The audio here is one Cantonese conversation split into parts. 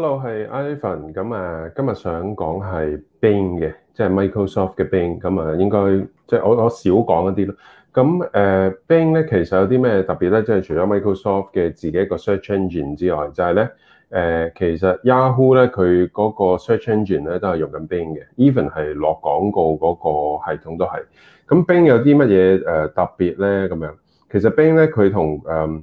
hello，係 Ivan，咁啊，今日想講係 Bing 嘅，即係 Microsoft 嘅 Bing，咁啊，應該即係我我少講一啲咯。咁誒，Bing 咧其實有啲咩特別咧？即係除咗 Microsoft 嘅自己一個 search engine 之外，就係咧誒，其實 Yahoo 咧佢嗰個 search engine 咧都係用緊 Bing 嘅，even 係落廣告嗰個系統都係。咁 Bing 有啲乜嘢誒特別咧？咁樣，其實 Bing 咧佢同誒。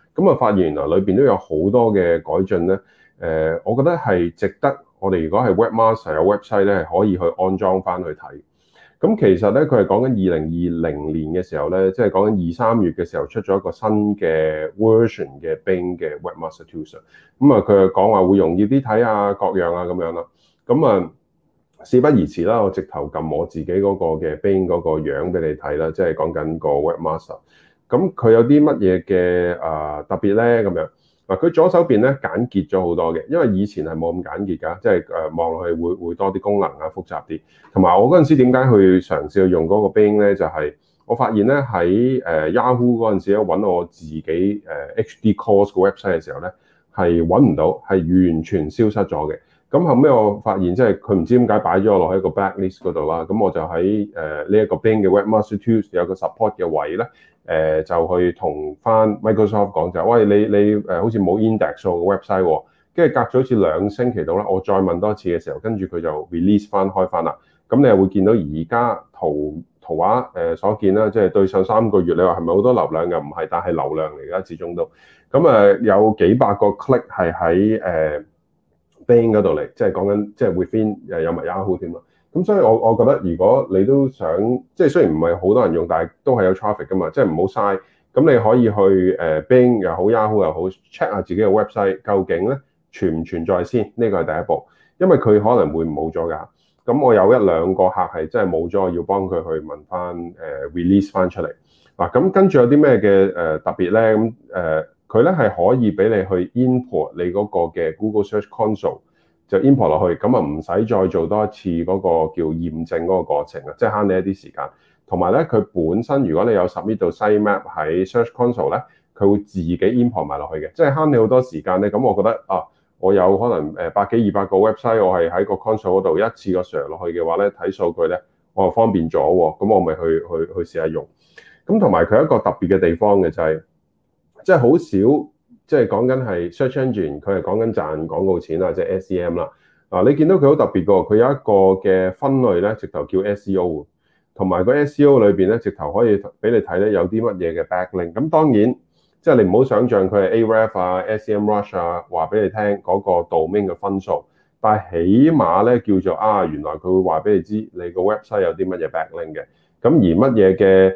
咁啊，發現原來裏邊都有好多嘅改進咧。誒，我覺得係值得我哋如果係 Webmaster 有 website 咧，係可以去安裝翻去睇。咁其實咧，佢係講緊二零二零年嘅時候咧，即係講緊二三月嘅時候出咗一個新嘅 version 嘅 Bing 嘅 Webmaster Tools。咁啊，佢係講話會容易啲睇下各樣啊咁樣啦。咁啊，事不宜遲啦，我直頭撳我自己嗰個嘅 Bing 嗰個樣俾你睇啦，即係講緊個 Webmaster。咁佢有啲乜嘢嘅誒特別咧咁樣？嗱，佢左手邊咧簡潔咗好多嘅，因為以前係冇咁簡潔噶，即係誒望落去會會多啲功能啊，複雜啲。同埋我嗰陣時點解去嘗試用嗰個 bing 咧，就係、是、我發現咧喺誒 Yahoo 嗰陣時咧揾我自己誒 HD Course 個 website 嘅時候咧，係揾唔到，係完全消失咗嘅。咁後尾我發現即係佢唔知點解擺咗我落喺個,個 blacklist 嗰度啦，咁我就喺誒呢一個 Bing 嘅 Webmaster Tools 有個 support 嘅位咧，誒、呃、就去同翻 Microsoft 講就喂，你你誒好似冇 index 個 website，跟、哦、住隔咗好似兩星期到啦，我再問多一次嘅時候，跟住佢就 release 翻開翻啦。咁你又會見到而家圖圖畫誒所見啦，即、就、係、是、對上三個月你話係咪好多流量？又唔係，但係流量嚟㗎，始終都咁誒有幾百個 click 係喺誒。呃 Bing 嗰度嚟，即係講緊即係會 fin 有埋 Yahoo 添啊，咁所以我我覺得如果你都想即係雖然唔係好多人用，但係都係有 traffic 噶嘛，即係唔好嘥。咁你可以去誒 Bing 又好 Yahoo 又好 check 下自己嘅 website 究竟咧存唔存在先，呢個係第一步，因為佢可能會冇咗㗎。咁我有一兩個客係真係冇咗，要幫佢去問翻誒、呃、release 翻出嚟嗱。咁跟住有啲咩嘅誒特別咧咁誒？佢咧係可以俾你去 import 你嗰個嘅 Google Search Console 就 import 落去，咁啊唔使再做多一次嗰個叫驗證嗰個過程啊，即係慳你一啲時間。同埋咧，佢本身如果你有十呢度 site map 喺 Search Console 咧，佢會自己 import 埋落去嘅，即係慳你好多時間咧。咁我覺得啊，我有可能誒百幾二百個 website 我係喺個 console 嗰度一次個 share 落去嘅話咧，睇數據咧我啊方便咗喎，咁我咪去去去，去試下用。咁同埋佢一個特別嘅地方嘅就係，是。即係好少，即係講緊係 search engine，佢係講緊賺廣告錢啊，即係 SEM 啦。啊，你見到佢好特別個，佢有一個嘅分類咧，直頭叫 SEO，同埋個 SEO 裏邊咧，直頭可以俾你睇咧，有啲乜嘢嘅 back link。咁當然，即係你唔好想象佢係 Ahrefs 啊、SEM rush 啊，話俾你聽嗰個 domain 嘅分數。但係起碼咧叫做啊，原來佢會話俾你知你個 website 有啲乜嘢 back link 嘅。咁而乜嘢嘅？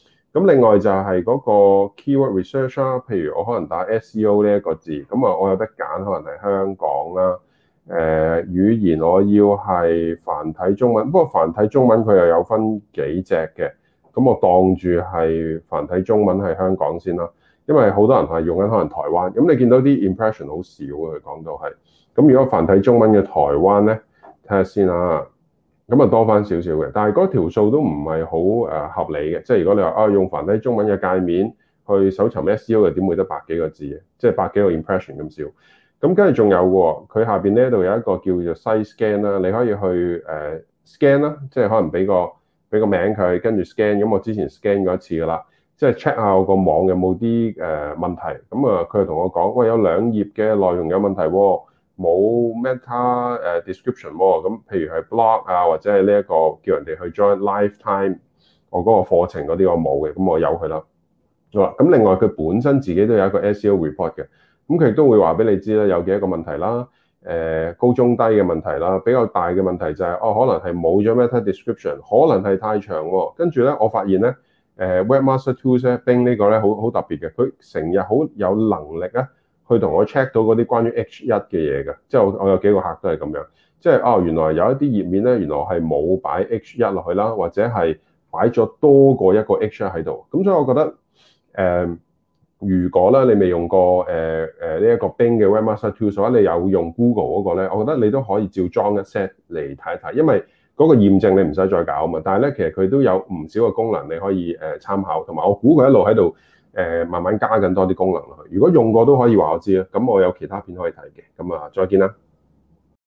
咁另外就係嗰個 keyword research 啦，譬如我可能打 SEO 呢一個字，咁啊我有得揀，可能係香港啦，誒、呃、語言我要係繁體中文，不過繁體中文佢又有分幾隻嘅，咁我當住係繁體中文係香港先啦，因為好多人係用緊可能台灣，咁你見到啲 impression 好少，佢講到係，咁如果繁體中文嘅台灣咧，睇下先啦、啊。咁啊多返少少嘅，但係嗰條數都唔係好誒合理嘅，即係如果你話啊用繁體中文嘅界面去搜尋 SEO，又點會得百幾個字嘅，即係百幾個 impression 咁少。咁跟住仲有喎，佢下邊呢度有一個叫做 size scan 啦，你可以去誒 scan 啦，即係可能俾個俾個名佢，跟住 scan。咁我之前 scan 過一次㗎喇，即係 check 下我個網有冇啲誒問題。咁啊，佢就同我講，喂，有兩頁嘅內容有問題喎。冇 meta description 喎、哦，咁譬如係 blog 啊，或者係呢一個叫人哋去 join lifetime 我嗰個課程嗰啲我冇嘅，咁我有佢啦。好啦，咁另外佢本身自己都有一個 SEO report 嘅，咁佢亦都會話俾你知啦，有幾多個問題啦，誒、呃、高中低嘅問題啦，比較大嘅問題就係、是、哦，可能係冇咗 meta description，可能係太長喎、哦，跟住咧我發現咧誒、呃、Webmaster Tools 呢個咧好好特別嘅，佢成日好有能力啊！，去同我 check 到嗰啲關於 H 一嘅嘢㗎，即係我我有幾個客都係咁樣，即係哦，原來有一啲頁面咧，原來我係冇擺 H 一落去啦，或者係擺咗多過一個 H 一喺度，咁所以我覺得誒、呃，如果咧你未用過誒誒呢一個 Bing 嘅 Webmaster Tools 嘅話，或者你有用 Google 嗰個咧，我覺得你都可以照裝一 set 嚟睇一睇，因為嗰個驗證你唔使再搞啊嘛，但係咧其實佢都有唔少嘅功能你可以誒參考，同埋我估佢一路喺度。誒慢慢加更多啲功能啦。如果用過都可以話我知啦。咁我有其他片可以睇嘅。咁啊，再見啦。